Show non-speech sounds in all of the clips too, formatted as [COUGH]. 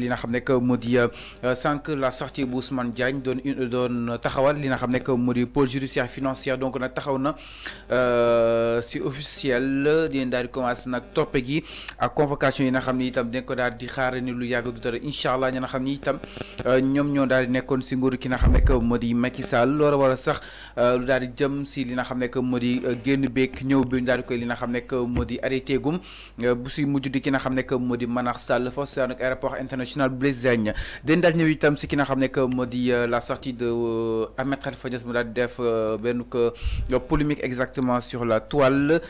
li nga xam nekk moo di la sortie bu Ousmane Diagne doon doon taxawal li nga xam nekk moo pôle judiciaire financier donc nag taxaw na si officiel dinañ daal di commencé nag toppe gi ak convocation yi nga xam itam dañ ko daal di xaar ni lu yàgg du dara incha nga xam itam ñoom ñoo daal di nekkoon si nguur ki nga xam nekk moo Macky Sall loolu war a sax lu daal di jëm si li nga xam nekk moo di génn beeg ñëw bi ñu daal di koy li nga xam nekk moo di arrêté gum bu si mujj di ki nga xam nekk moo di Manar Sall foofu si aéroport international Blaise Diagne dañ daal ñëw itam si ki nga xam que moo euh, la sortie de euh, Ahmed Khalifa Niass mu daal def euh, benn ko polémique exactement sur la toile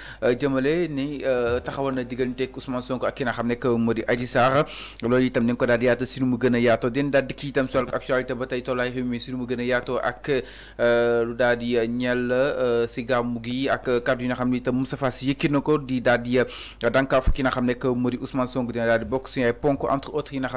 jëmale ni taxawal na digënté Ousmane Sonko ak ki nga xam que modi di Adji Sarr loolu itam dañ ko daal di yaatu si mu gëna a yaatoo dañ daal dikk itam sol actualité ba tay tolay humi mi mu gëna a ak lu daal di ñël si gàmmu gi ak kàddu yi nga xam itam Moustapha Sy yëkki ko di daal di dànkaaf ki nga xam que modi Ousmane Sonko dina daal di bokk si ay ponk entre autres yi nga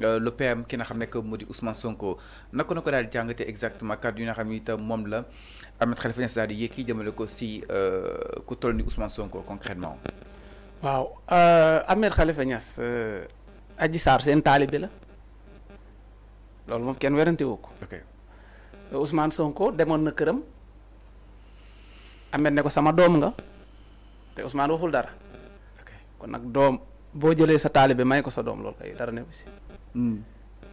Euh, le PM ki na xam ne que moo di Ousmane Sonko nak na ko daal di jàngate exactement kàddu yi nga xam ne itam moom la Ahmed Khalifa Niass daal di yëkki jëmale ko si euh, ku toll ni Ousmane Sonko concrètement waaw euh, Ahmed Khalifa Niass Adji Sarr seen taalibe la loolu moom kenn werante woo ko Ousmane Sonko demoon na këram Ahmed ne ko sama doom nga te Ousmane waxul dara kon nag doom boo jëlee sa taalibe may ko sa doom loolu kay dara ne si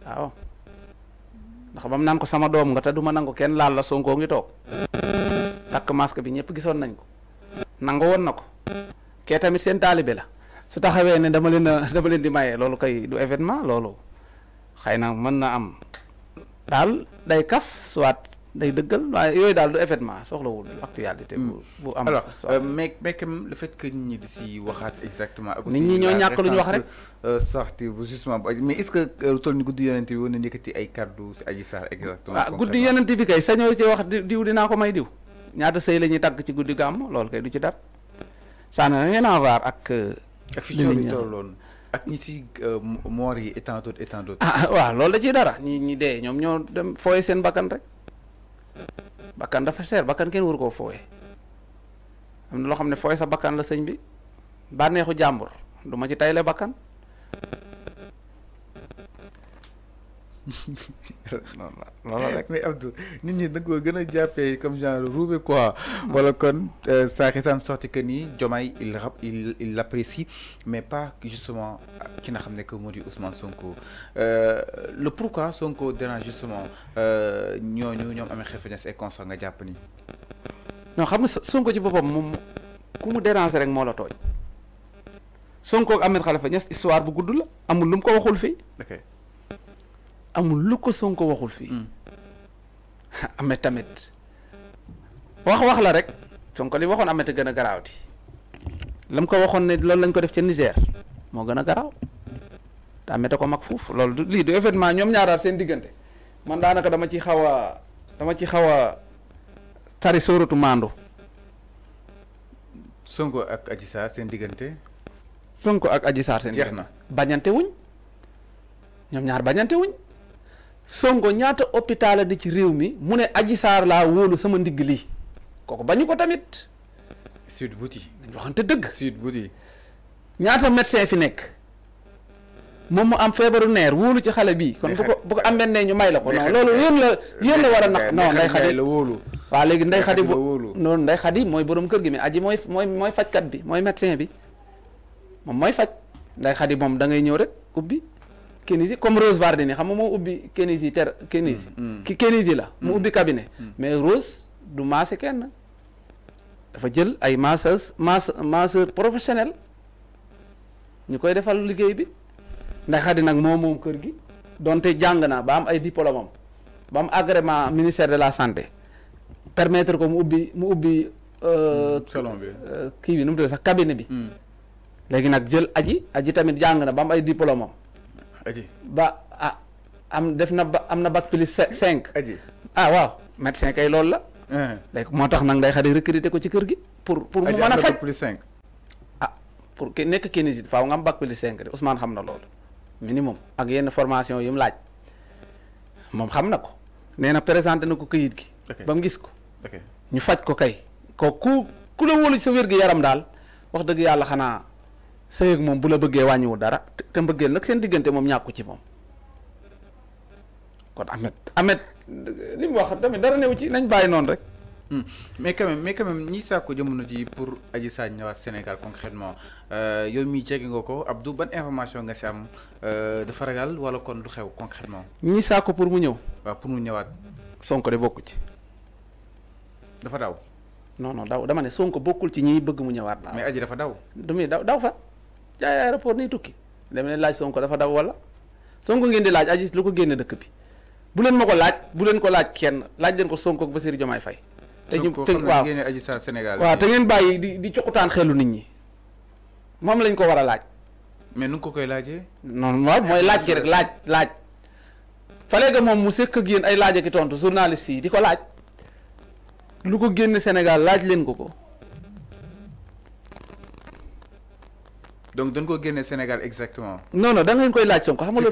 waaw ndax ba mu naan ko sama doom nga te du ma nangu kenn laal la Sonko ngi toog takk masque bi ñëpp gisoon nañ ko nangu woon na ko kee tamit seen taalibe la su taxawee ne dama leen [LAUGHS] dama leen di maye loolu kay du événement loolu xëy na mën na am daal day kaf soit day deugal yoy dal du événement soxla wul actualité hmm. bu am alors mec euh, mec le fait que ñi di ci waxat exactement ak nit ñi ñoo ñak lu wax rek euh, sorti bu justement mais est-ce que euh, tol ni guddu yonent bi wona nekati ay cadeau ci aji sar exactement ah guddu yonent bi kay sañoo ci wax diw dina ko may diw ñaata sey lañuy tag ci guddu gam lool kay du ci dat ça n'a rien à voir ak ak fi ñu tolone ak ñi ci mort yi étant d'autres étant d'autres ah, ah wa lool da ci dara ñi ñi dé ñom ñoo dem foyé sen bakan rek bakkan dafa seer bakkan kenn waru koo fooye am na loo xam ne fooye sa bakkan la sëñ bi bànneexu jàmbur du ma ci tayle bakkan non non non rek [LAUGHS] mais Abdou nit ñi da ko gën a comme genre roubé quoi. Hmm. wala kon sa euh, reste sorti que ni jomay il rap il l'apprécie mais pas justement ki nga xamné que moo Ousmane Sonko euh le pourquoi Sonko dérange justement euh ñoñu ñom amé xefe et constat nga japp ni. non xam nga Sonko ci bopam moom ku mu déranger rek mo la tooñ Sonko ak Ahmed Khalifa Niass histoire bu guddul amul lu ko waxul fii. amul lu ko Sonko waxul fii. Hmm. [LAUGHS] Ahmed tamit wax wax la rek Sonko li waxoon Ahmed a gën a garaaw di lam ko waxoon ne loolu lañ ko def ca Niger moo gën a garaaw te Ahmed a ko mag foofu loolu du lii du événement ñoom ñaaraat seen diggante man daanaka dama ci xaw a dama ci xaw a tari sóoratu maandu. Sonko ak Adji seen diggante. Sonko ak Adji seen jeex na bañante ñoom ñaar bañante wuñ. Sonko ñaata hôpital di ci réew mi mu ne aji saar laa wóolu sama ndigg lii kooku ba ñu ko tamit. Sud Bouti. dañ waxante dëgg. Sud Bouti. ñaata médecin fi nekk moom mu am feebaru neer wóolu ci xale bi kon bu ko bu ko am benn ñu may la ko. non loolu yéen la yéen la war a naq. non nday xadi la wóolu. waaw léegi nday xadi bu noonu nday xadi mooy borom kër gi mais aji mooy mooy mooy fajkat bi mooy médecin bi moom mooy faj nday xadi moom da ngay ñëw rek ubbi. kenizi comme Rose Wardini xam mo ubi kenizi ter kenizi, mm, mm. ki kenizi la mo mm. ubi cabinet. mais Rose du masse ken? dafa jël ay masseurs masse masseurs professionnels ñu koy defal liguey bi ndax xadi nak moo mom keur gi donte jang na ba am ay diplôme am ba am agrément ministère de la santé permettre ko mu ubi mu euh salon bi euh, ki bi num mu cabinet bi. legui nak jël aji aji tamit jang na ba am ay diplôme ba ah am def na ba am na bac plus cinq ah waaw médecin kay loolu la day moo tax nag day xadi recruter ko ci kër gi pour pour a faj cinq ah pour ki nekk kinésite faaw nga am bac plus cinq de Ousmane xam na loolu minimum ak yenn formation yi mu laaj moom xam na ko nee na présenté na ko këyit gi ba gis ko ñu faj ko kay ko ku ku la wóolu sa wér gi yaram daal wax dëgg yàlla xanaa sëyeeg moom bu la bëggee wàññiwu dara te mbëggeel nag seen diggante moom ñàkku ci moom kon Ahmed Ahmed li mu wax tamit dara newu ci nañ bàyyi noonu rek. Hmm. mais quand même mais quand jamono ji pour Adji Sarr ñëwaat Sénégal concrètement euh, yow mii jege nga ko Abdou ban information nga si am euh, dafa ragal wala kon lu xew concrètement ñi sàkku pour mu ñëw. pour mu ñëwaat. Sonko de bokku ci. dafa daw. noonu non daw dama ne Sonko bokkul ci ñi bëgg mu ñëwaat. mais Adji dafa daw. du muy daw daw fa. jaay aéroport nii tukki dem laaj Sonko dafa daw wala sonk ngeen di laaj Aziz lu ko génne dëkk bi bu leen ma ko laaj bu leen ko laaj kenn laaj leen ko Sonko ak Bassirou Diomaye Faye te ñu te waaw waaw te ngeen bàyyi di di coqutaan xelu nit ñi moom lañ ko war a laaj. mais nu ko koy laaje non waaw mooy laaj gi rek laaj laaj. fale ga moom mu sekk ak yéen ay laaj ak i tontu journaliste yi di ko laaj. lu ko génn Sénégal laaj leen ko ko. donc dañ ko guéné Sénégal exactement non non da ngeen koy laaj ko xam nga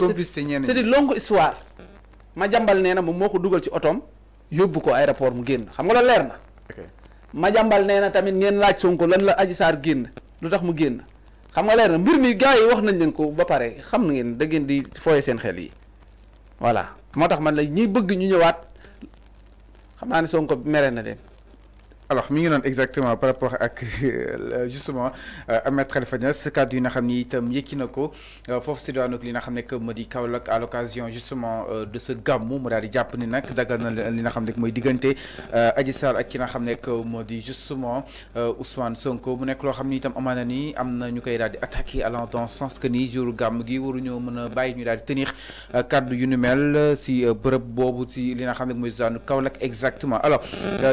c'est une longue histoire ma jambal néna mo moko duggal ci autom yobbu ko aéroport mu génn xam nga la leer na ma jambal néna tamit ngeen laaj ko lan la aji sar génn lutax mu génn xam nga leer na mbir mi gaay wax nañ leen ko ba paré xam ngeen da ngeen di foyé sen xel yi voilà motax man lay ñi bëgg ñu ñëwaat xam ni son ko méré na leen alors mi exactement par rapport à euh, justement euh, Ahmed mettre Niass kàddu yi nga xam ni itam ko euh, foofu si doon ak li nga xam que moo Kaolack à l'occasion justement de ce gamou modi japonais que jàpp ni nag dagal na li nga xam ne mooy diggante Adji Sarr ak ki que justement Ousmane Sonko mu nekk loo xam tam itam ni am na ñu di attaqué à dans sans que ni jour gàmm gi waruñoo mën a bàyyi ñu di tenir cadre yu nu mel si bërëb boobu si li nga xam ne mooy Kaolack exactement alors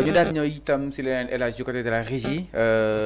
ñu daal di dit itam si elle elle a du côté de la régie. Euh,